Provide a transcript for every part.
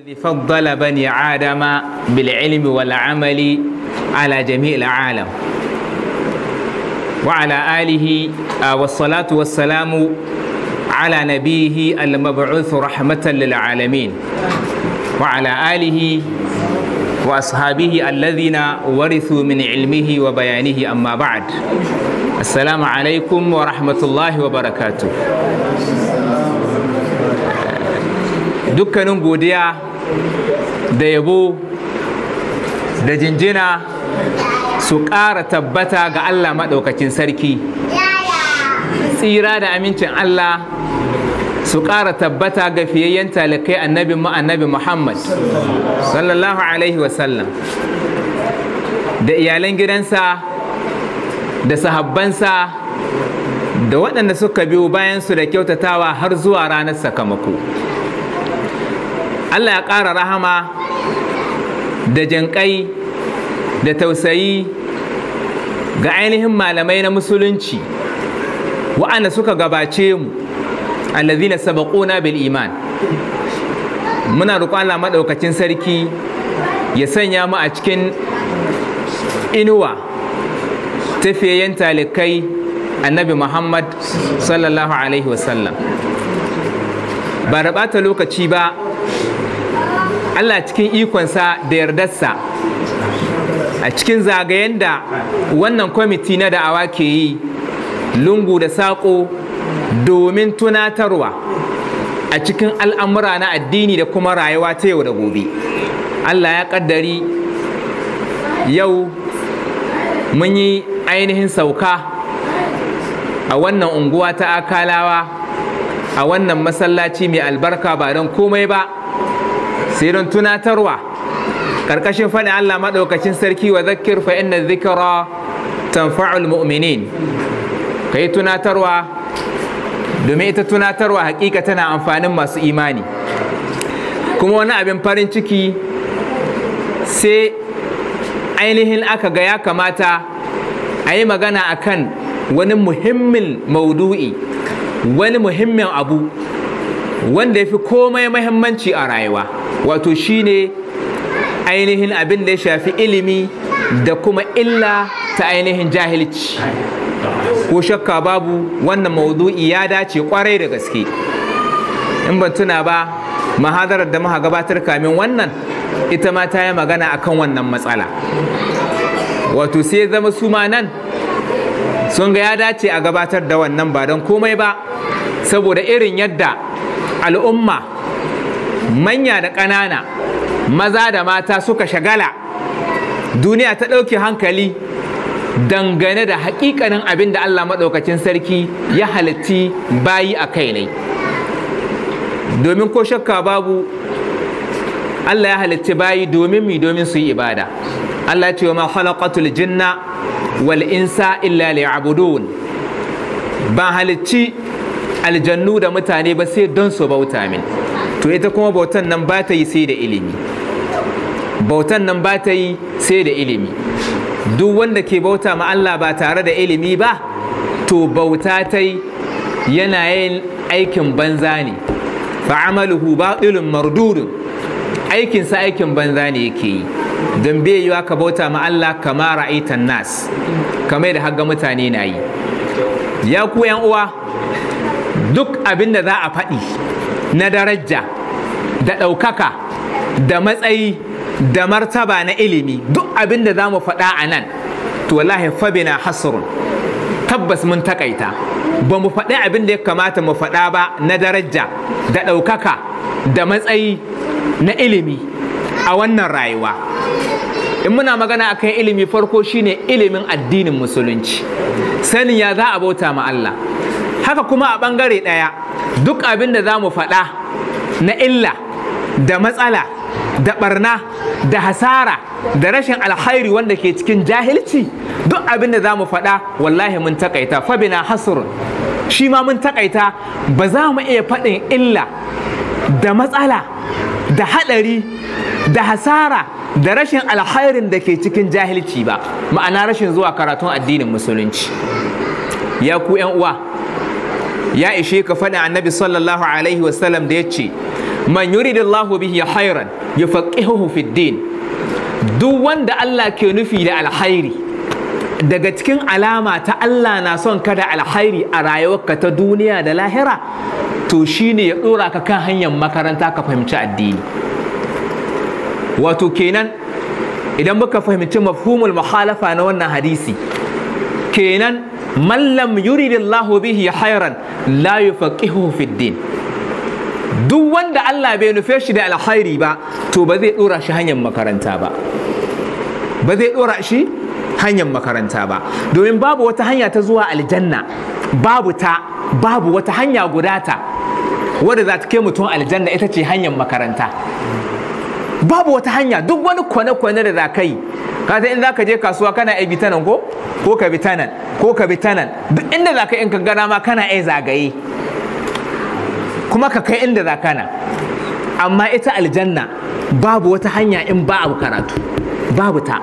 الذي فضل بني آدم بالعلم والعمل على جميع العالم وعلى آله والصلاة والسلام على نبيه المبعوث رحمة للعالمين وعلى آله وأصحابه الذين ورثوا من علمه وبيانه أما بعد السلام عليكم ورحمة الله وبركاته dukkanin godiya da yabo da jinjina su ƙara tabbata ga Allah maɗaukacin sarki tsira da amincin Allah su ƙara tabbata ga fiyayyen talakai annabi mu Muhammad sallallahu alaihi wasallam da iyalan gidansa da sahabbansa da waɗanda suka biyo bayansu da kyautatawa har zuwa ranar sakamako. Allah ya ƙara rahama da jinƙai da tausayi ga ainihin malamai na musulunci wa'anda suka gabace mu na sabaƙo na iman muna roƙon Allah maɗaukacin sarki ya sanya mu a cikin inuwa tafiyayen talikai annabi Muhammad sallallahu alaihi wasallam ba da lokaci ba Allah cikin ikonsa da yardarsa a cikin zagayen da wannan kwamiti na da'awa ke yi lungu da saƙo domin tunatarwa a cikin al'amura na addini da kuma rayuwa ta yau da gobe Allah ya ƙaddari yau mun yi ainihin sauka a wannan unguwa ta akalawa a wannan masallaci mai albarka ba don komai ba sai don tunatarwa ƙarƙashin faɗi Allah maɗaukacin sarki wa zakir fa inna zikra tanfa'ul mu'minin kai tunatarwa domin ita tunatarwa hakika tana amfanin masu imani kuma wani abin farin ciki sai ainihin aka ga ya kamata a yi magana akan wani muhimmin maudu'i wani muhimmin abu wanda ya fi komai mahimmanci a rayuwa wato shine ainihin abin da ya shafi ilimi da kuma illa ta ainihin jahilci ko shakka babu wannan mawudu'i ya dace kwarai da gaske in ban tuna ba mahadarar da muka gabatar kamin wannan ita ma ta yi magana akan wannan matsala wato sai zama su ma nan sun ga ya dace a gabatar da wannan ba don komai ba saboda irin yadda al'umma manya da ƙanana maza da mata suka shagala duniya ta ɗauke hankali dangane da hakikanin abin da Allah maɗaukacin sarki ya halitti bayi a kai ne domin ko shakka babu Allah ya halitti bayi domin mi domin su yi ibada Allah ya ce ma khalaqatul jinna wal insa illa liya'budun ban halicci aljannu da mutane ba sai don su bauta min to ita kuma bautan nan ba ta yi sai da ilimi bautan nan ba ta yi sai da ilimi duk wanda ke bauta ma Allah ba tare da ilimi ba to bauta ta yi yana yin aikin banza ne fa'amaluhu batilun mardudun aikinsa aikin banza ne yake yi don bai yiwa ka bauta ma Allah kama ra'aitan nas kamar da haga mutane na yi ya ku yan uwa duk abin da za a faɗi na daraja da ɗaukaka da matsayi da martaba na ilimi duk abin da za mu faɗa a nan to wallahi fabina hasrun tabbas mun takaita ba mu faɗi abin da ya kamata mu faɗa ba na daraja da ɗaukaka da matsayi na ilimi a wannan rayuwa in muna magana akan ilimi farko shine ilimin addinin musulunci sanin ya za a bauta ma Allah haka kuma a ɓangare ɗaya duk abin da za mu faɗa na illa da matsala da ɓarna, da hasara da rashin alhairi wanda ke cikin jahilci duk abin da za mu faɗa wallahi mun takaita fabina hasrun shi ma mun takaita ba za mu iya faɗin illa da matsala da haɗari da hasara da rashin alhairin da ke cikin jahilci ba ma'ana rashin zuwa karatun addinin musulunci ya ku 'yan uwa ya ishe ka faɗi annabi sallallahu alaihi wasallam da ya ce man yuridillahu bihi khairan yufaqihuhu fid din duk wanda Allah ke nufi da alhairi daga cikin alama ta Allah na son ka da alhairi a rayuwarka ta duniya da lahira to shine ya dora ka kan hanyar makaranta ka fahimci addini wato kenan idan muka fahimci mafhumul muhalafa na wannan hadisi kenan mallam yuri Allahu bihi hairan la yufaqihuhu fid din duk wanda Allah bai nufe shi da alkhairi ba to ba zai dora shi hanyar makaranta ba ba zai dora shi hanyar makaranta ba domin babu wata hanya ta zuwa aljanna babu ta babu wata hanya guda ta wadda za ta kai mutum aljanna ita ce hanyar makaranta babu wata hanya duk wani kwane-kwane da za ka yi ka in za ka je kasuwa kana bi ta nan ko ko ka bitanan nan ko ka bi ta nan duk inda za ka in ka gana ma kana iya zagaye kuma ka kai inda za kana amma ita aljanna babu wata hanya in ba abu karatu babu ta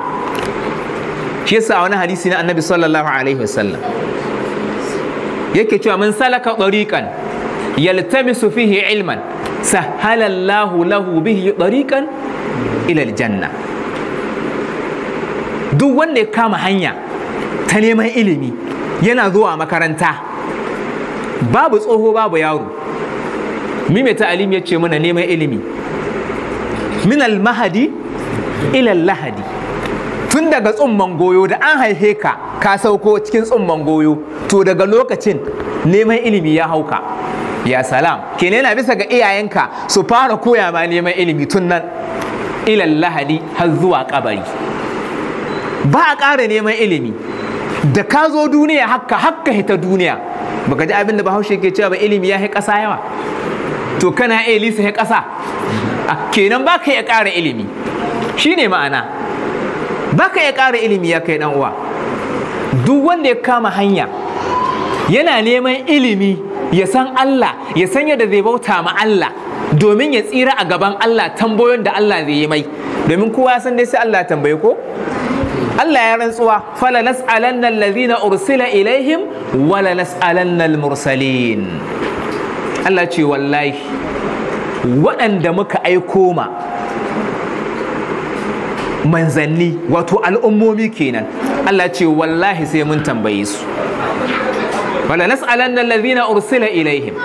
shi yasa wani hadisi na annabi sallallahu alaihi wasallam yake cewa mun salaka ɗariƙan yaltamisu fihi ilman sahalallahu lahu bihi ɗariƙan ilal janna duk wanda ya kama hanya ta neman ilimi yana zuwa makaranta babu tsoho babu yaro mime ta'alim ya ce mana neman ilimi minal mahadi ilal lahadi tun daga tsumman goyo da an haife ka ka sauko cikin tsumman goyo to daga lokacin neman ilimi ya hauka ya salam kenan yana bisa ga iyayenka su fara koya ma neman ilimi tun nan ilal lahadi har zuwa kabari ba a ƙara neman ilimi da ka zo duniya haka-haka hita duniya baka ji abin da bahaushe ke cewa ba ilimi ya ƙasa yawa to kana iya lisa ya ƙasa ah, kenan ba ka iya ƙara ilimi Shi ne ma'ana ba ka iya ƙara ilimi ya kai ɗan uwa duk wanda ya kama hanya yana neman ilimi ya san Allah ya san yadda zai bauta ma Allah domin ya tsira a gaban Allah tambayoyin da Allah zai yi mai domin kowa san dai sai Allah tambaye ko Allah ya rantsuwa fala nas'alanna allazina ursila ilaihim wala nas'alanna almursalin Allah ce wallahi waɗanda muka aiko ma manzanni wato al'ummomi kenan Allah ce wallahi sai mun tambaye su wala nas'alanna allazina ursila ilaihim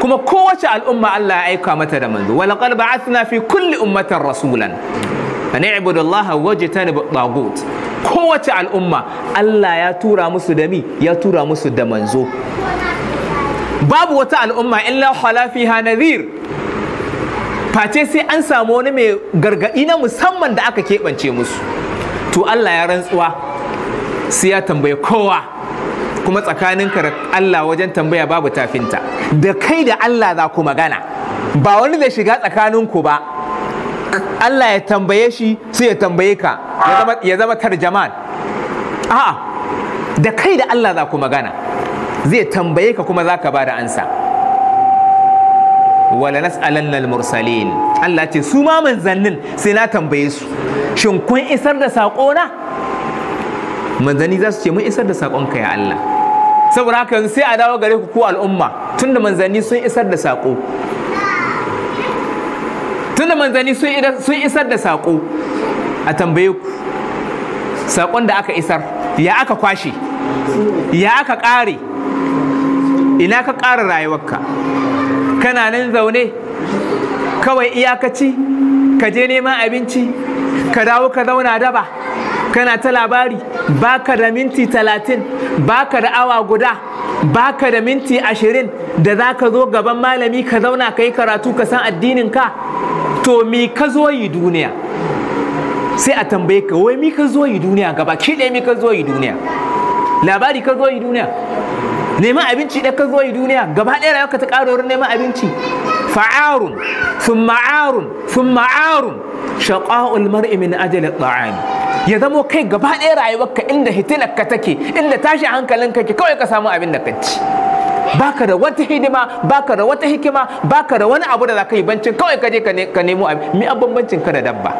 kuma kowace al'umma Allah ya aika mata da manzo wala qad ba'athna fi kulli ummatin rasulan an ibudullah wajtani tagut kowace al'umma Allah ya tura musu da mi ya tura musu da manzo babu wata al'umma illa hala fiha nadhir face sai an samu wani mai gargadi na musamman da aka keɓance musu to Allah ya rantsuwa sai ya tambaye kowa kuma tsakaninka ka Allah wajen tambaya babu tafinta da kai da Allah za ku magana ba wani da shiga tsakaninku ba Allah ya tambaye shi sai ya tambaye ka ya zama tarjaman a'a da kai da Allah za ku magana zai tambaye ka kuma za ka ba da ansa wala nas'alanna al-mursalin Allah ce su ma manzannin sai na tambaye su shin kun isar da saƙo na manzanni za su ce mun isar da saƙonka ya Allah saboda haka sai a dawo gare ku ko al'umma tunda manzanni sun isar da saƙo da manzanni sun isar da saƙo a tambaye ku saƙon da aka isar ya aka kwashe ya aka ƙare ina ka ƙara rayuwarka kana nan zaune kawai iyakaci ka je neman abinci ka dawo ka zauna daba kana ta labari Ba ka da minti talatin ba ka da awa guda ba ka da minti ashirin da za ka zo gaban malami ka zauna ka yi karatu ka san addinin ka to mi ka zo yi duniya sai a tambaye ka wai mi ka zo yi duniya gaba ki ɗaya mi ka zo yi duniya labari ka zo yi duniya neman abinci da ka zo yi duniya gaba ɗaya rayuwa ka ta ƙara wurin neman abinci fa'arun sun ma'arun sun ma'arun shaƙa'ul mar'i min ajali ta'ami ya zamo kai gaba ɗaya rayuwarka inda hitilarka take inda tashi hankalinka ke kawai ka samu abin da ka ci baka da wata hidima baka da wata hikima baka da wani abu da za ka yi bancin kawai ka je ka nemo abin mi bambancin ka da dabba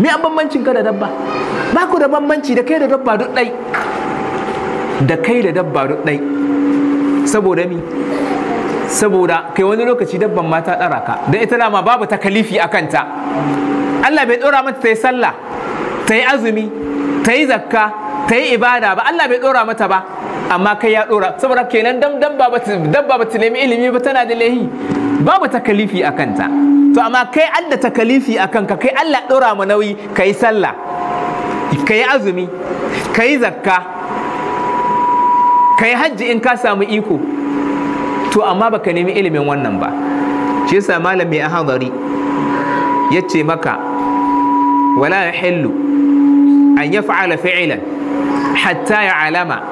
mi bambancin ka da dabba ba ku da bambanci da kai da dabba duk ɗai da kai da dabba duk ɗai saboda mi saboda kai wani lokaci dabban ma ta ɗara ka don ita dama babu takalifi a kanta Allah bai ɗora mata ta yi sallah ta yi azumi ta yi zakka ta yi ibada ba Allah bai ɗora mata ba amma kai ya dora saboda kenan dan dabba ba dabba ba ta nemi ilimi ba tana da lahi babu takalifi a kanta to amma kai adda takalifi akan ka kai Allah dora ma nauyi kai sallah kai azumi kai zakka kai hajji in ka samu iko to amma baka nemi ilimin wannan ba shi yasa malam mai ahadari yace maka wala yahillu an yaf'ala fi'lan hatta ya alama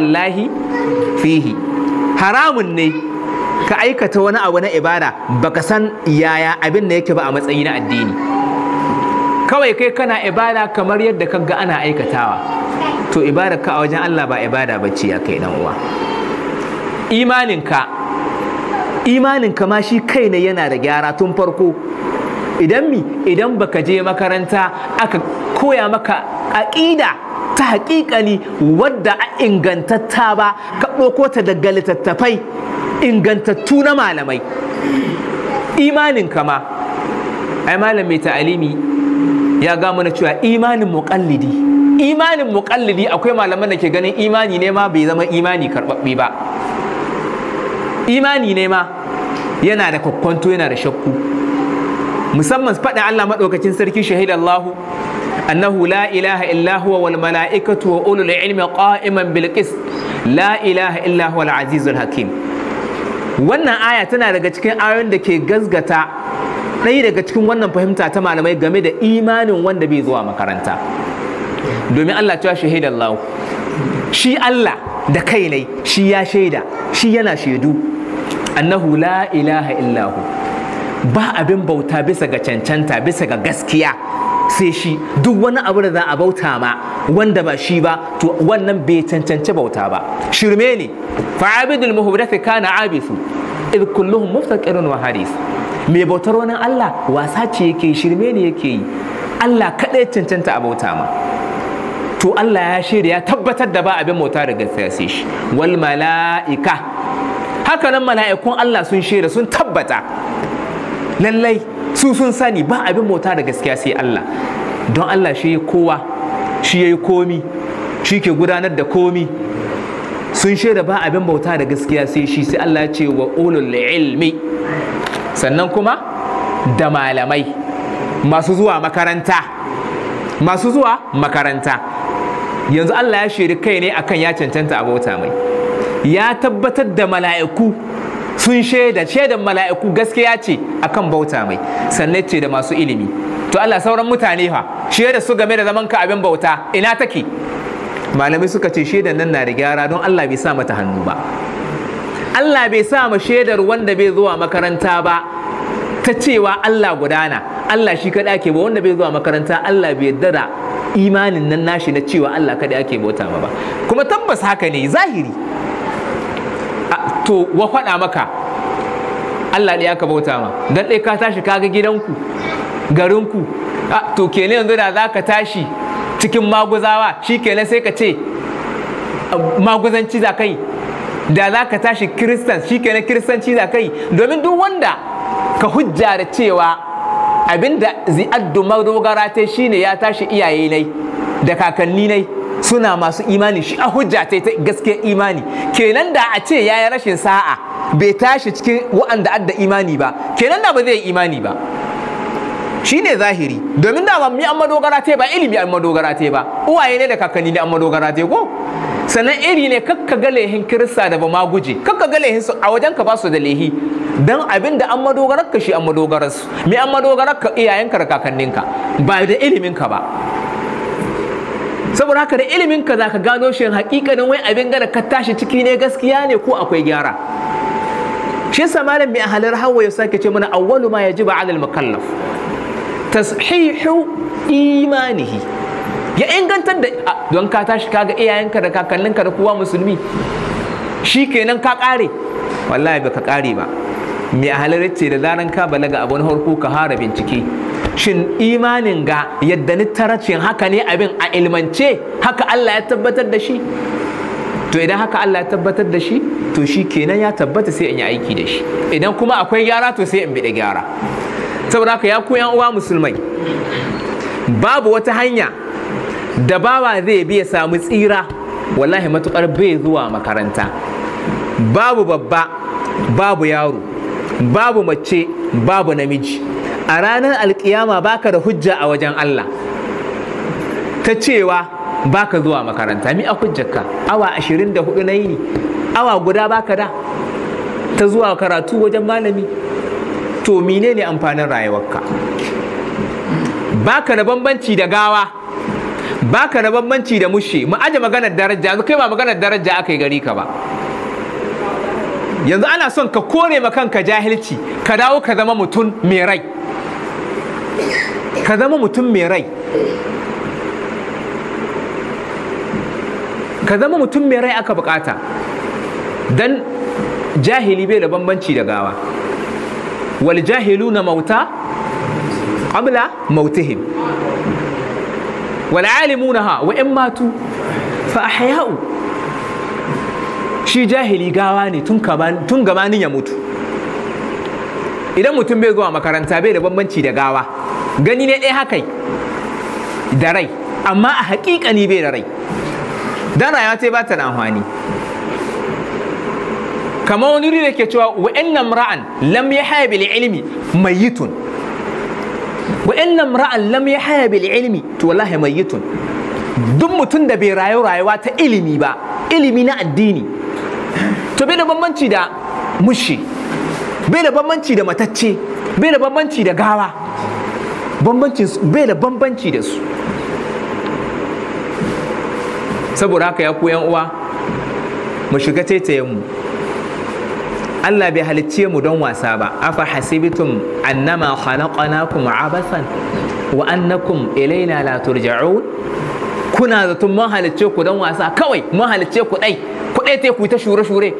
lahi fihi haramun ne ka aikata wani abu na ibada baka san yaya abin da yake ba a matsayi na addini kawai kai kana ibada kamar yadda ka ga ana aikatawa to ibada ka a wajen Allah ba ibada ce ya kai dan uwa imaninka imaninka ma shi kai ne yana da gyara tun farko idan mi idan baka je makaranta aka koya maka aƙida ta hakikani wadda a ingantatta ba ka ɗauko ta daga littattafai ingantattu na malamai imanin kama ai malam mai ta'alimi ya ga mana cewa imanin muƙallidi imanin muƙallidi akwai malaman da ke ganin imani ne ma bai zama imani karɓaɓɓe ba imani ne ma yana da kwakwanto yana da shakku musamman faɗin Allah maɗaukacin sarki shahid annahu la ilaha illa huwa wa ulul ilmi qa'iman bil la ilaha illa hakim wannan aya tana daga cikin ayoyin da ke gazgata ɗaya daga cikin wannan fahimta ta malamai game da imanin wanda bai zuwa makaranta domin Allah ta shahida Allah shi Allah da kai ne shi ya shaida shi yana shaidu annahu la ilaha illahu ba abin bauta bisa ga cancanta bisa ga gaskiya sai shi duk wani abu da za a bauta ma wanda ba shi ba to wannan bai cancanci bauta ba shirme ne fa'abidul muhdathi kana abisu id kulluhum muftaqirun wa haris me bautar wani Allah wasa ce yake shirme ne yake yi Allah ya cancanta a bauta ma to Allah ya shirya ya tabbatar da ba abin bauta da gaskiya sai shi wal mala'ika haka nan mala'ikun Allah sun shirya sun tabbata lallai su sun sani ba abin bauta da gaskiya sai Allah don Allah shi ya kowa shi ya yi komi shi ke gudanar da komi sun shaida ba abin bauta da gaskiya sai shi sai Allah ce wa ulul ilmi sannan kuma da malamai masu zuwa makaranta masu zuwa makaranta yanzu Allah ya shaidi kai ne akan ya cancanta a bauta mai ya tabbatar da mala'iku sun shaida shaidan mala'iku gaskiya ce akan bauta mai sannan ce da masu ilimi to Allah sauran mutane fa shaida su game da zaman ka abin bauta ina take malamai suka ce shaidan nan na da gyara don Allah bai sa mata hannu ba Allah bai sa ma shaidar wanda bai zuwa makaranta ba ta cewa Allah gudana Allah shi kaɗai ake ba wanda bai zuwa makaranta Allah bai yarda imanin nan nashi na cewa Allah kaɗai ake bauta ba kuma tabbas haka ne zahiri to wa faɗa maka Allah ɗaya ka bauta ma dan ɗaya ka tashi kaga gidanku garinku ah, to kenan yanzu da za ka tashi cikin maguzawa shi kenan sai ka ce ah, maguzanci za kai da za ka tashi kiristan shi kenan kiristanci za kai domin duk wanda ka hujja da cewa abinda zi'addu madogara ta shine ya tashi iyaye nai da kakanni nai suna masu imani shi a hujja ta gaskiyar imani kenan da a ce yayi rashin sa'a bai tashi cikin wa'anda adda imani ba kenan da ba zai yi imani ba shi ne zahiri domin da mi an madogara te ba ilimi an madogara te ba uwaye ne da kakanni ne an madogara te ko sannan iri ne kakka ga lehin kirista da ba ma guje kakka ga lehin su a wajen ka ba su da lehi dan abin da an madogarar ka shi an madogarar su me an madogarar ka iyayenka da kakanninka ba da ilimin ka ba saboda haka da ilimin ka ka gano shi hakikanin wai abin gane ka tashi ciki ne gaskiya ne ko akwai gyara shi yasa malam mai ahalar hawa ya sake ce mana awwalu ma yajibu al mukallaf tashihu imanihi ya ingantar da ah, don ka tashi kaga iyayenka da kakanninka da kowa musulmi shi kenan ka kare wallahi baka kare ba mai ahalar ce da zaran ka balaga abun harko ka hara bincike shin imanin ga yadda ni taracin haka ne abin a ilmance haka Allah ya tabbatar da shi to idan haka Allah ya tabbatar da shi to shi kenan ya tabbata sai in yi aiki da shi idan kuma akwai gyara to sai in bi da gyara saboda haka ya ku yan uwa musulmai babu wata hanya da bawa zai bi ya samu tsira wallahi matukar bai zuwa makaranta babu babba babu yaro babu mace babu namiji a ranar alkiyama baka da hujja a wajen Allah ta cewa baka zuwa makaranta mi a hujjarka awa 24 na yi ne, awa guda baka da ta zuwa karatu wajen malami to ne amfanin rayuwarka baka da bambanci da gawa baka da bambanci da mushe mu aje maganar daraja yanzu kai ba maganar daraja aka yi gari ka ba yanzu ana son ka kore ma kanka jahilci ka dawo ka zama mutum mai rai ka zama mutum mai rai ka zama mutum mai rai aka bukata don jahili bai da bambanci da gawa wal jahilu na mauta abla mautihim wal na ha wa in matu fa ahya'u shi jahili gawa ne tun gabanin ya mutu idan mutum bai zuwa makaranta bai da bambanci da gawa gani ne ɗaya haka da rai amma a ni bai da rai don rayuwa ta ba ta da amfani kamar wani wuri da ke cewa wa'in nan ra'an lam ya haya bil ilmi wa'in nan ra'an lam ya haya bil ilmi to wallahi tun. duk mutum da bai rayu rayuwa ta ilimi ba ilimi na addini to bai da bambanci da mushi bai da bambanci da matacce bai da bambanci da gawa bambancin bai da bambanci da su saboda haka ya ku uwa mu shiga mu. Allah bai halicce mu don wasa ba afa hasibitum annama khalaqnakum abathan wa annakum ilaina la turja'un kuna zaton mun halicce ku don wasa kawai mun halicce ku dai ku dai ta ku ta shure shure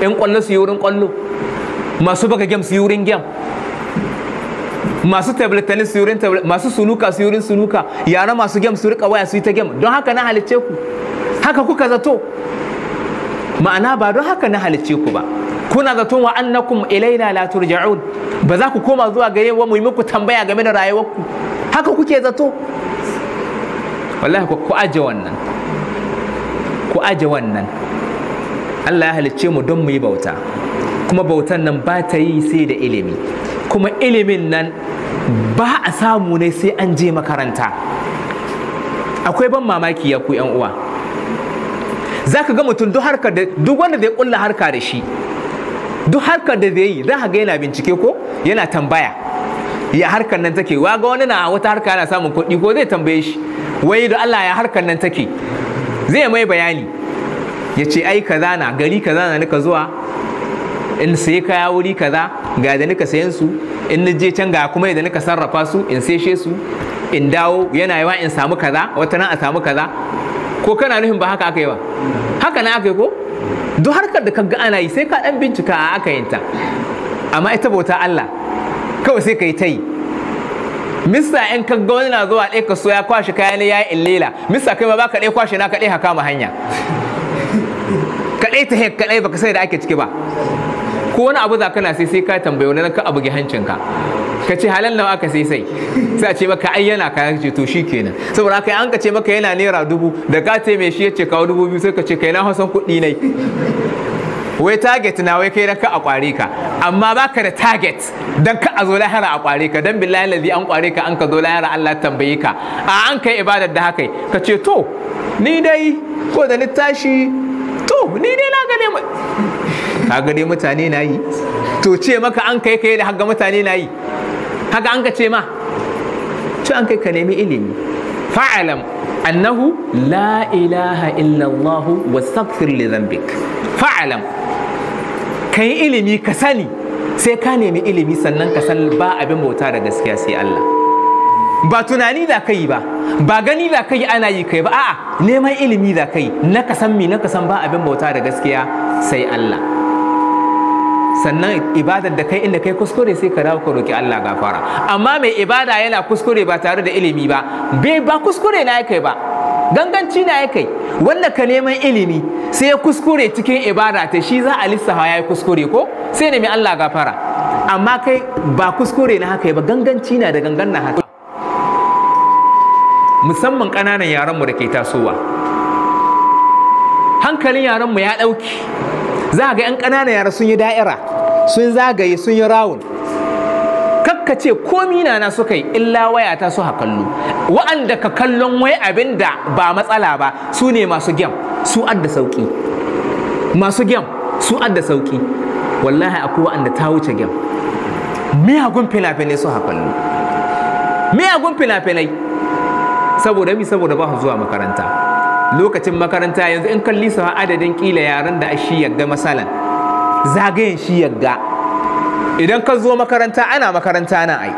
in kwallo su yi wurin kwallo masu buga game su yi wurin game masu table tennis su yurin table masu sunuka su yurin sunuka yara masu game su rika waya su yi ta game don haka na halicce ku haka kuka zato ma'ana ba don haka na halicce ku ba kuna zaton wa annakum ilaina la turja'un ba za ku koma zuwa gare wa mu yi muku tambaya game da rayuwarku haka kuke zato wallahi ku aje wannan ku aje wannan Allah ya halicce mu don mu yi bauta kuma bautan nan ba ta yi sai da ilimi kuma ilimin nan ba a samu ne sai an je makaranta akwai ban mamaki ya ku uwa za ka ga mutum duk wanda zai kulla harka da shi duk harkar da zai yi za ka ga yana bincike ko yana tambaya ya harkar nan take wa ga wani na wata harka yana samun kuɗi ko zai tambaye shi wai da Allah ya harkar nan take zai mai bayani ya ce ai kaza na gari kaza na nika zuwa in sai kaya wuri kaza ga da nika sayan su in je can ga kuma yadda nika sarrafa su in seshe su in dawo yana yawa in samu kaza wata nan a samu kaza ko kana nufin ba haka aka yi ba haka na aka yi ko duk harkar da kaga ana yi sai ka dan bincika a aka yinta amma ita bauta Allah kawai sai ka yi ta yi mista in kaga wani na zuwa ɗaya so ya kwashe kaya ne ya yi illela mista kai ma baka ɗaya kwashi na ka ɗaya haka ma hanya kaɗai ta kaɗai baka sai da ake ciki ba ko wani abu za ka na sai sai ka tambaye wani ka abu hancinka ka ce halal nawa aka sai sai sai a ce maka ai yana kayan ce to kenan. saboda haka an ka ce maka yana naira dubu da ka ce mai shi ya ce kawo dubu biyu sai ka ce kai na hausan kuɗi ne wai target na wai kai ka a kware ka amma baka da target dan ka a zo lahara a kware ka dan billahi ladhi an kware ka an ka zo lahara Allah tambaye ka a an kai ibadar da haka ka ce to ni dai ko da ni tashi to ni dai na gane kaga dai mutane na yi to ce maka an kai kai da haga mutane na yi haka an ka ce ma to an kai ka nemi ilimi fa'alam annahu la ilaha wa astaghfir li dhanbik fa'alam kai ilimi ka sani sai ka nemi ilimi sannan ka san ba abin bauta da gaskiya sai Allah ba tunani da kai ba ba gani da kai ana yi kai ba a'a neman ilimi da kai na ka san mi na ka san ba abin bauta da gaskiya sai Allah sannan ibadar da kai inda kai kuskure sai ka dawo ka roki Allah gafara amma mai ibada yana kuskure ba tare da ilimi ba bai ba kuskure na kai ba ganganci na kai wanda ka neman ilimi sai ya kuskure cikin ibada ta shi za a lissafa ya yi kuskure ko sai nemi Allah gafara amma kai ba kuskure na haka ba ganganci na da gangan na haka musamman ƙananan yaranmu da ke tasowa hankalin yaranmu ya ɗauki za a ga 'yan ƙananan yara sun yi da'ira sun zagaye sun yi rawun kakka ce komi na na suka yi illa waya ta su hakallu wa'anda ka kallon wai abin da ba matsala ba su ne masu gyam su adda sauki masu gyam su adda sauki wallahi akwai wa'anda ta wuce gyam miyagun fina-finai su hakallu miyagun fina-finai saboda mi saboda ba zuwa makaranta lokacin makaranta yanzu in kalli su adadin kila yaran da shi yadda masalan zagayen shi yagga idan ka zo makaranta ana makaranta na ai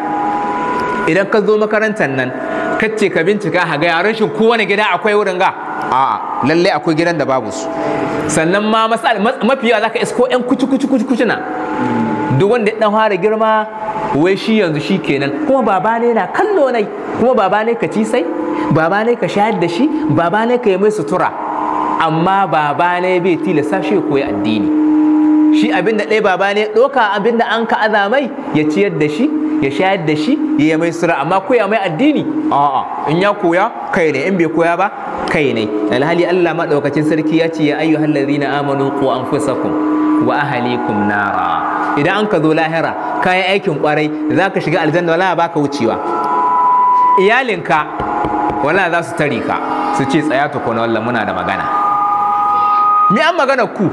idan ka zo makarantar nan kacce ka bincika ha ga yaran shi kowane gida akwai wurin ga a'a lalle akwai gidan da babu su sannan ma mafiya zaka isko yan kuci kuci kuci kuci na duk wanda ya dan fara girma wai shi yanzu shi kenan kuma baba ne na kallo nai kuma baba ne ka ci sai baba ne ka shayar da shi baba ne ka yi mai sutura amma baba ne bai tilasta shi koyi addini shi abin da ɗaya baba ne Ɗauka abin da an ka mai ya ciyar da shi ya shayar da shi ya yi mai sura amma koya mai addini a'a in ya koya kai ne in bai koya ba kai ne alhali Allah maɗaukacin sarki ya ce ya ayyuhal ladzina amanu qu anfusakum wa ahlikum nara idan an ka zo lahira kayan aikin kwarai za ka shiga aljanna wala ba ka wucewa iyalinka wala za su tare ka su ce tsaya tukuna wallah muna da magana mi an magana ku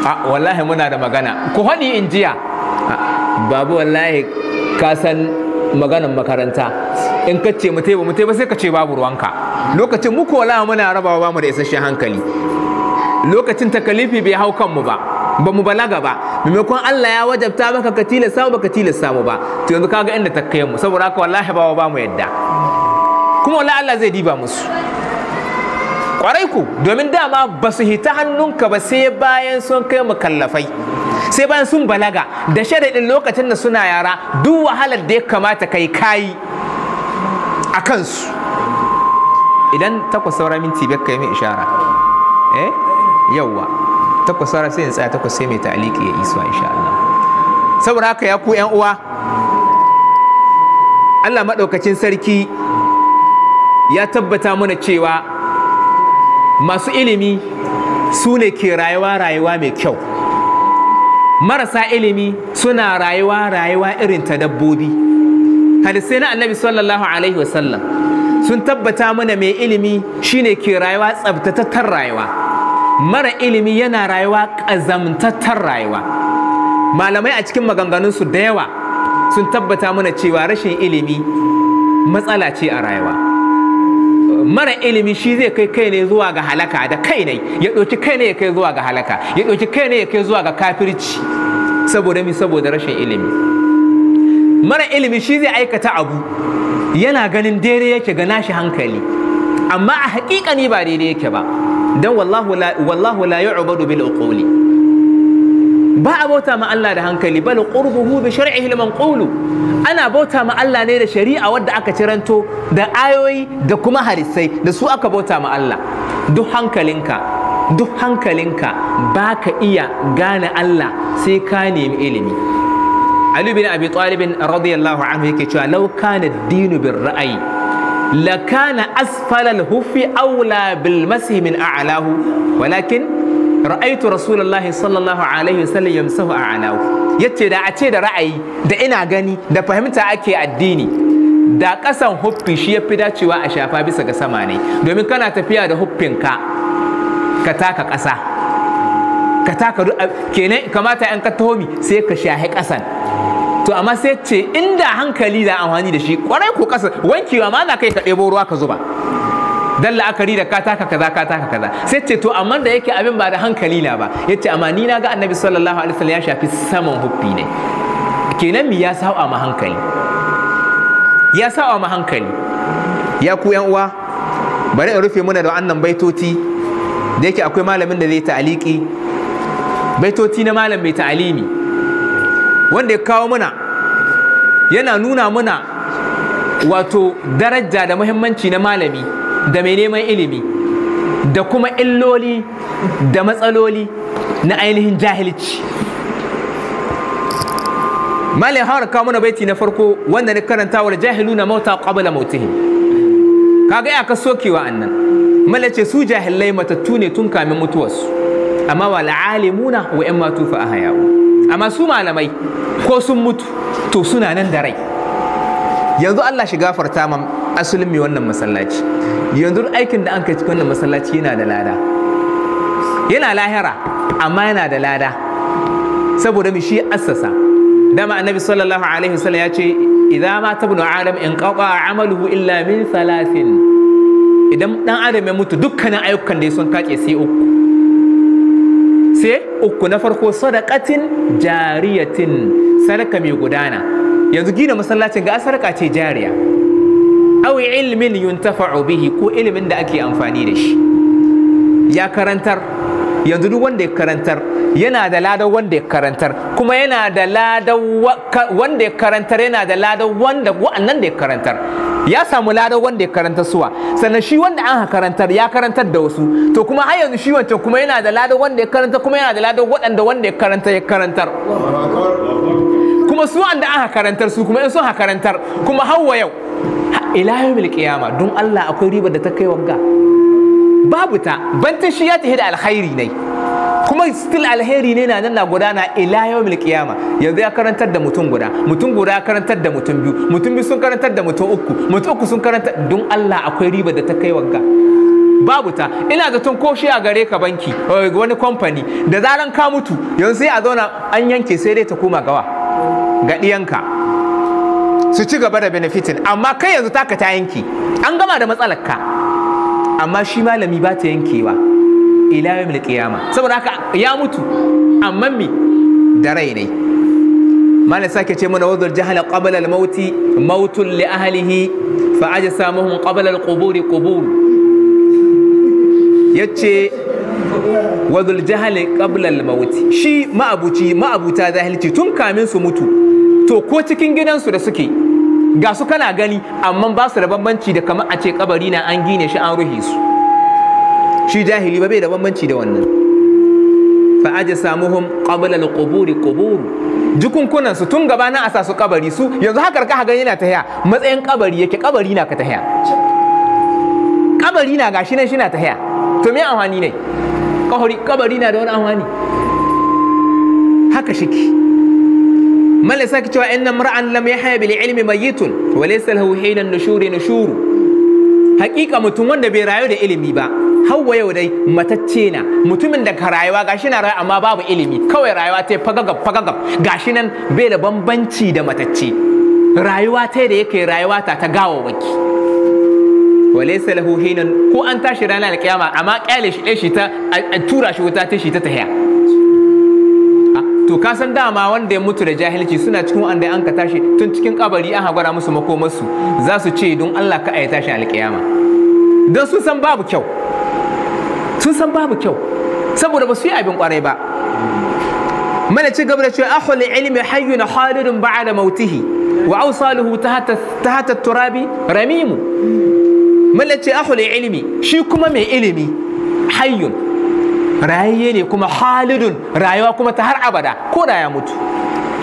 a ah, wallahi muna da magana ku hani in jiya ah, babu wallahi ka san maganan makaranta in ka ce mu ba mu ba sai ka ce babu ruwanka lokacin muku wallahi muna rabawa ba mu da isasshen hankali lokacin takalifi bai hau kanmu ba ba mu balaga ba maimakon Allah ya wajabta maka ka tilasta baka tilasta mu ba to yanzu kaga inda ta kai mu saboda haka wallahi ba mu yadda kuma wallahi Allah zai diba musu kwarai ku domin dama ba su hita hannunka ba sai bayan sun kai mukallafai sai bayan sun balaga da sharaɗin lokacin da suna yara duk wahalar da ya kamata kai kayi a kansu idan takwas saura minti biyar ka yi min ishara eh yawwa takwas saura sai in tsaya takwas sai mai ta'aliki ya isuwa insha Allah saboda haka ya ku yan uwa Allah maɗaukacin sarki ya tabbata mana cewa masu ilimi su ne ke rayuwa rayuwa mai kyau marasa ilimi suna rayuwa rayuwa irin ta dabbobi hadisai na annabi sallallahu alaihi wasallam sun tabbata mana mai ilimi shine ke rayuwa tsabtatattar rayuwa mara ilimi yana rayuwa ƙazamtattar rayuwa malamai a cikin maganganunsu da yawa sun tabbata mana cewa rashin ilimi matsala ce a rayuwa mara ilimi shi zai kai kai ne zuwa ga halaka da kai ne ya ɗauki kai ne ya kai zuwa ga halaka ya ɗauki kai ne ya kai zuwa ga kafirci saboda mi saboda rashin ilimi mara ilimi shi zai aikata abu yana ganin daidai yake ga nashi hankali amma a haƙiƙa ni ba daidai yake ba dan wallahu la yu'badu bil uquli ba a bauta ma Allah da hankali bal qurbuhu bi shar'ihi al-manqulu ana bauta ma Allah ne da shari'a wadda aka ciranto da ayoyi da kuma harisai da su aka bauta ma Allah duk hankalinka duk hankalinka baka iya gane Allah sai ka nemi ilimi Ali bin Abi Talib radiyallahu anhu yake cewa law kana ad-dinu bir ra'ayi la kana asfala al-huffi awla bil masih min a'lahu walakin ra'aitu rasulullahi sallallahu alaihi wasallam yamsahu a yace da a ce da ra'ayi da ina gani da fahimta ake addini da kasan huffi shi yafi dacewa a shafa bisa ga sama ne domin kana tafiya da huffinka ka taka ƙasa ka taka kenan kamata yan ka tomi sai ka shahi kasan to amma sai ce inda hankali da amfani da shi kwarai ko kasa wankewa ma na kai ka ɗebo ruwa ka zuba dan la'akari da kataka kaza ka kaza sai ce to amma da yake abin ba da hankali na ba yace amma ni na ga annabi sallallahu alaihi wasallam ya shafi saman huffi ne kenan mi ya sa'a ma hankali ya sa'a ma hankali ya ku yan uwa bari in rufe muna da wannan baitoti da yake akwai malamin da zai ta'aliki baitoti na malam mai ta'alimi wanda ya kawo muna yana nuna muna wato daraja da muhimmanci na malami da mai neman ilimi da kuma illoli da matsaloli na ainihin jahilci malin hawar kawo mana baiti na farko wanda na karanta wa jahilu na mauta qabla mautihi kaga ya ka sokewa annan mala ce su jahilai matattu ne tun kamin mutuwarsu amma wa la'alimuna wa yan matu fa ahayawu amma su malamai ko sun mutu to suna nan da rai yanzu Allah shi gafarta ma asulmi wannan masallaci yanzu aikin da an kai cikin wannan masallaci yana da lada yana lahira amma yana da lada saboda mishi shi assasa dama annabi sallallahu alaihi wasallam ya ce idan ma tabnu adam in qaba amaluhu illa min salasin. idan dan adam ya mutu dukkanin ayyukan da ya sun kace sai uku sai uku na farko sadaqatin jariyatin sadaka mai gudana yanzu gina masallacin ga sadaka ce jariya aw ilmin yuntafa'u bihi ko ilimin da ake amfani da shi ya karantar yanzu duk wanda ya karantar yana da ladar wanda ya karantar kuma yana da ladar wanda ya karantar yana da ladar wanda wa'annan da ya karantar ya samu ladar wanda ya karantar suwa sannan shi wanda an karantar ya karantar da wasu to kuma har yanzu shi wancan kuma yana da ladar wanda ya karantar. kuma yana da ladar waɗanda wanda ya karantar ya karantar kuma su wanda an karantar su kuma in sun karantar kuma hawa yau ila yawmil qiyama don Allah akwai riba da ta kai wagga babu ta bantin shi ya tafi da alkhairi ne kuma still alheri ne na nan na gudana ila yawmil qiyama yanzu ya karantar da mutum guda mutum guda ya karantar da mutum biyu mutum biyu sun karantar da mutum uku mutum uku sun karantar don Allah akwai riba da ta kai wagga babu ta ina zaton ko shi a gare ka banki eh, wani kamfani da zaran ka mutu yanzu sai a zauna an yanke sai dai ta koma gawa ga ɗiyanka su ci gaba da benefitin amma kai yanzu taka ta yanki an gama da matsalar ka amma shi malami ba ta yankewa ila yawmil yama saboda haka ya mutu amma mi da rai ne malam sake ce mana wadul jahala qabla al mauti mautun li ahlihi fa ajsamuhum qabla al qubur qubur yace wadul jahali qabla al mauti shi ma'abuci ma'abuta zahilci tun kamin su mutu to ko cikin gidansu da suke ga su kana gani amma ba su da bambanci da kamar a ce kabari na an gine shi an ruhe su shi jahili ba bai da bambanci da wannan fa aje samuhum qabla al-quburi qubur jukunkunan su tun gaba na asa su kabari su yanzu haka ka gani yana tahiya matsayin kabari yake kabari na ka tahiya kabari na gashi nan shi na tahiya to me amfani ne kabari na da wani amfani haka shiki malasa cewa inna mar'an lam yahya bil ilmi mayitun wa laysa lahu hina nushuri nushuru haqiqa mutum wanda bai rayu da ilimi ba hawa yau dai matacce na mutumin da ka rayuwa gashi na rayuwa amma babu ilimi kawai rayuwa ta fagagab fagagab gashi nan bai da bambanci da matacce rayuwa ta da yake rayuwa ta ta gawawaki wa laysa lahu hina ko an tashi ranar alqiyama amma kyale shi ta tura shi wuta ta shi ta tahiya to ka san dama wanda ya mutu da jahilci suna cikin wanda an ka tashi tun cikin kabari an hagwara musu makomarsu za su ce don Allah ka ayyata tashi alƙiyama don sun san babu kyau sun san babu kyau saboda ba su yi abin kwarai ba mana ci gaba da cewa ahul ilmi hayyun ba'a da mautihi wa awsaluhu tahta turabi ramimu mala ce ahul ilmi shi kuma mai ilimi hayyun rayayye ne kuma halidun rayuwa kuma ta har abada ko da ya mutu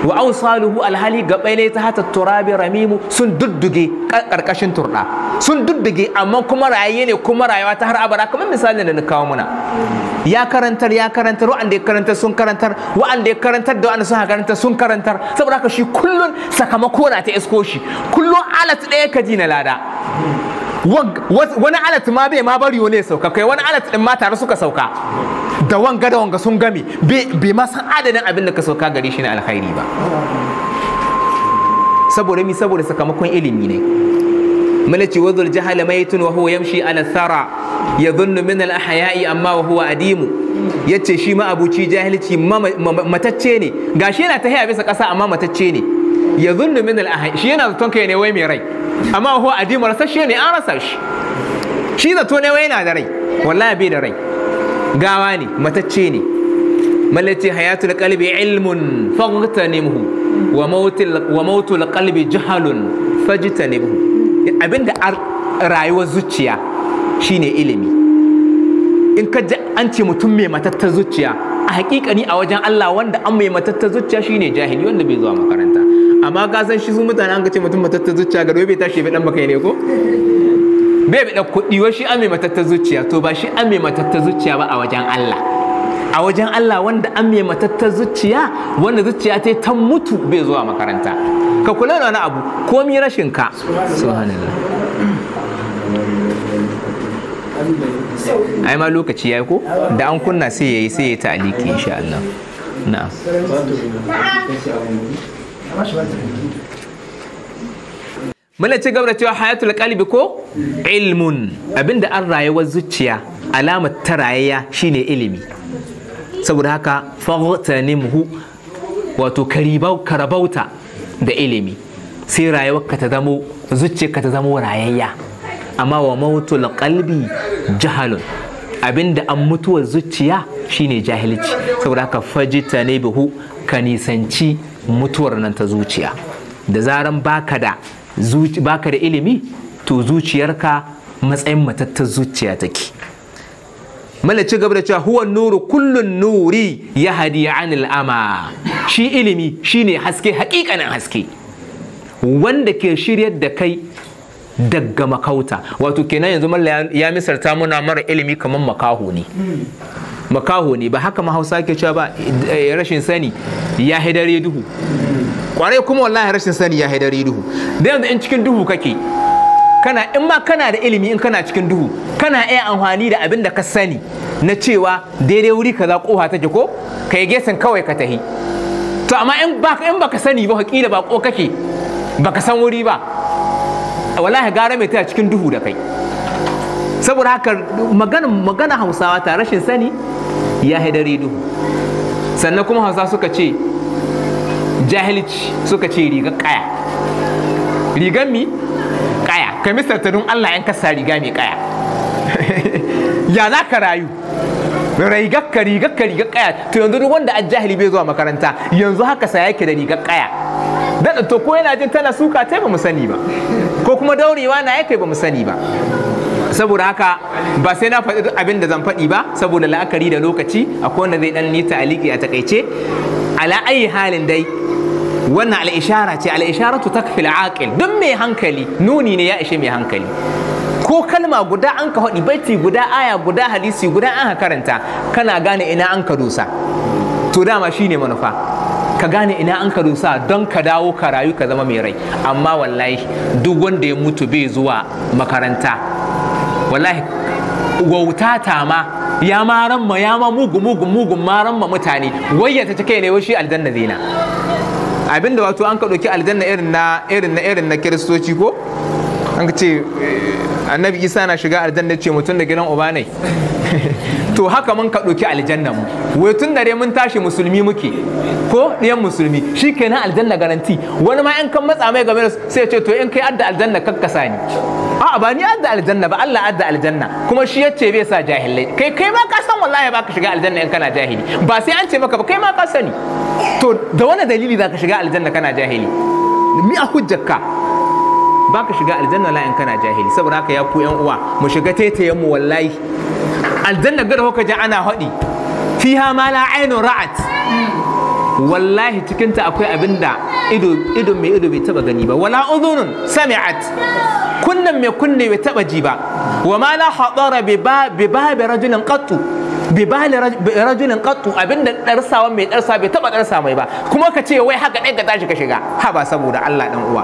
wa ausaluhu alhali ga ne ta hata turabi ramimu sun dudduge karkashin turda sun dudduge amma kuma rayayye ne kuma rayuwa ta har abada kamar misalin da na kawo muna ya karantar ya karantar wa'anda ya karantar sun karantar wa'anda ya karantar da wa'anda sun karantar sun karantar saboda haka shi kullun sakamako na ta isko shi kullun alat ɗaya ka ji na lada wani alat ma bai ma bari ne sauka kai wani alat din ma tare suka sauka da wanga da wanga sun game bai ma san adadin abin da ka sauka gare shi ne alkhairi ba saboda mi saboda sakamakon ilimi ne malaci wazul jahala maitun wa huwa yamshi ala thara yadhunnu min al ahya'i amma wa huwa adimu yace shi ma abuci jahilci matacce ne gashi yana ta haya bisa kasa amma matacce ne yadhunnu min al ahya'i shi yana zaton kai ne wai mai rai amma huwa adimu rasashe ne an rasa shi shi zato ne wai yana da rai wallahi bai da rai gawa ne matacce ne mallace hayatul qalbi ilmun faghtanimhu wa mautul wa mautul qalbi jahalun fajtanimhu abinda rayuwar zuciya shine ilimi in ka an ce mutum mai matattar zuciya a hakikani a wajen Allah wanda an mai matattar zuciya shine jahili wanda bai zuwa makaranta amma ka san shi su mutane an ka ce mutum matattar zuciya ga bai tashi bai dan baka ne ko bai bi kuɗi wa shi an mai matattar zuciya to ba shi an mai matattar zuciya ba a wajen Allah a wajen Allah wanda an mai matattar zuciya wanda zuciya ta ta mutu bai zuwa makaranta ka kula da wani abu komi rashin ka subhanallah ai ma lokaci yayi ko da an kunna sai yayi sai ya ta'aliki insha Allah na'am muna ci gaba da cewa hayatul kalbi ko ilmun abinda an rayuwar zuciya alamar ta rayayya shine ilimi saboda haka muhu wato karabauta da ilimi sai rayuwar ka ta zamo ka ta zamo rayayya amma wa mautul kalbi, jahalun abinda an mutuwar zuciya shine jahilci saboda haka buhu ka nisanci mutuwar nan ta zuciya da zaran baka da da ilimi to zuciyarka matsayin matattar zuciya take malaci gaba da cewa huwa nuru kullun nuri ya hadi anil ama shi ilimi shine haske hakikanin haske wanda ke shiryar da kai daga makauta wato kenan yanzu malla ya misalta muna mara ilimi kamar makaho ne makaho ne ba haka mahausa ke cewa ba eh, rashin sani ya haidare duhu kwarai kuma wallahi rashin sani ya haidare duhu da yanzu in cikin duhu kake kana in ma kana da ilimi in kana cikin duhu kana iya amfani da abin da ka sani na cewa daidai wuri kaza koha take ko kai gesan kawai ka tahi to amma in baka in baka sani ba hakila ba ko kake baka san wuri ba wallahi gara mai tana cikin duhu da kai saboda haka magana magana Hausawa ta rashin sani ya haidari duhu sannan kuma hausa suka ce jahilci suka ce rigar kaya rigar mi kaya ka misalta don allah yan kasa riga mai kaya ya za ka rayu rigar ka rigar kaya to yanzu duk wanda a jahili bai zuwa makaranta yanzu haka sa yake da rigar kaya dan to ko yana jin tana suka tai ba mu sani ba ko kuma daurewa na yake ba mu sani ba saboda haka ba sai na faɗi abin da zan faɗi ba saboda la'akari da lokaci akwai wanda zai ɗan nita aliki a takaice ala ayi halin dai wannan al'ishara ce al'isharatu takfi al'aqil duk mai hankali nuni ne ya ishe mai hankali ko kalma guda an ka faɗi baiti guda aya guda hadisi guda an ka karanta kana gane ina an ka dosa to dama shine manufa ka gane ina an ka dosa don ka dawo ka rayu ka zama mai rai amma wallahi duk wanda ya mutu bai zuwa makaranta wallahi wauta ta ma ya ma ya ma mugu mugu mugu ma mutane wayyata ta kai ne shi aljanna zina abinda wato an ka doki aljanna irin na irin na irin na kiristoci ko an ka ce eh, annabi isa na shiga aljanna ce mutum da gidan uba ne to haka mun ka doki aljanna mu wai tun dare mun tashi musulmi muke ko ɗiyan musulmi shi kenan aljanna garanti wani ma in kan matsa mai game da sai ce to in kai adda aljanna kakkasa ni ba ni adda aljanna ba Allah adda aljanna kuma shi yace bai sa jahilai kai kai ma ka san wallahi ba ka shiga aljanna in kana jahili ba sai an ce maka ba kai ma ka sani to da wani dalili za ka shiga aljanna kana jahili mi a hujjarka ba ka shiga aljanna la in kana jahili saboda haka ya ku yan uwa mu shiga taitayen mu wallahi aljanna gada hoka ji ana haɗi fiha ma la ainu ra'at wallahi cikinta akwai abinda ido mai ido bai taba gani ba wala udhunun sami'at kunnan mai kunne bai taba ji ba wa ma la hadara bi bi rajulin qattu bi bi rajulin qattu abinda darsawan mai darsa bai taba darsa mai ba kuma ka ce wai haka dai ka tashi ka shiga ha ba saboda Allah dan uwa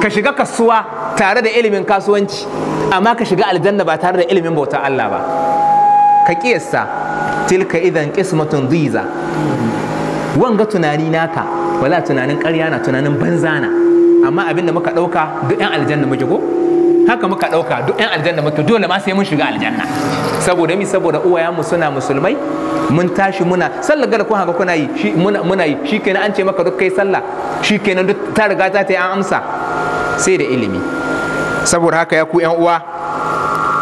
ka shiga kasuwa tare da ilimin kasuwanci amma ka shiga aljanna ba tare da ilimin bautar Allah ba ka kiyasta tilka idan qismatun dhiza wanga tunani naka wala tunanin ƙarya na tunanin banza na amma abin da muka ɗauka duk 'yan aljanna muke ko haka muka ɗauka duk 'yan aljanna muke dole ma sai mun shiga aljanna saboda mi saboda mu suna musulmai mun tashi muna sallar gada kun haka kuna yi shi muna muna yi shikenan an ce maka duk kai sallah shikenan duk ta riga ta yi an amsa sai da ilimi saboda haka ya ku 'yan uwa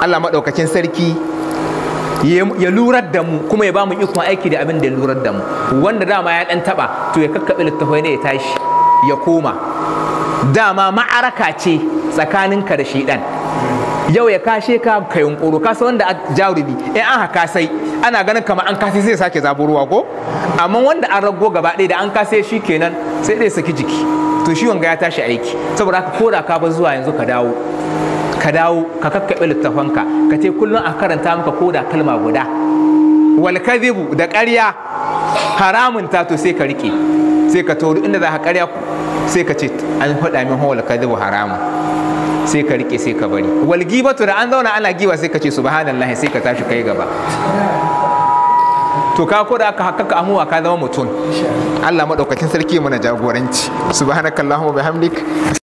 Allah maɗaukakin sarki ya lurar da mu kuma ya ba mu ikon aiki da abin da ya lurar da mu wanda dama ya dan taba to ya kakkabe littafai ne ya tashi ya koma dama ma'araka ce tsakanin ka da shedan yau ya kashe ka ka yunkuro ka san wanda jarumi in an haka sai ana ganin kamar an kase sai sake zaburuwa ko amma wanda an rago gaba ɗaya da an kase shi kenan sai dai saki jiki to shi wanga ya tashi aiki saboda haka koda ka bar zuwa yanzu ka dawo ka dawo ka kakkaɓe littafanka ka ce kullum a karanta maka ko da kalma guda wal kadhibu da ƙarya haramun ta to sai ka rike sai ka tori inda za ka ƙarya sai ka ce an faɗa min wal kadhibu haramun sai ka rike sai ka bari wal gibatu da an zauna ana giwa sai ka ce subhanallah sai ka tashi kai gaba to ka koda da aka hakaka amuwa ka zama mutum Allah madaukakin sarki mana jagoranci subhanakallahumma bihamdik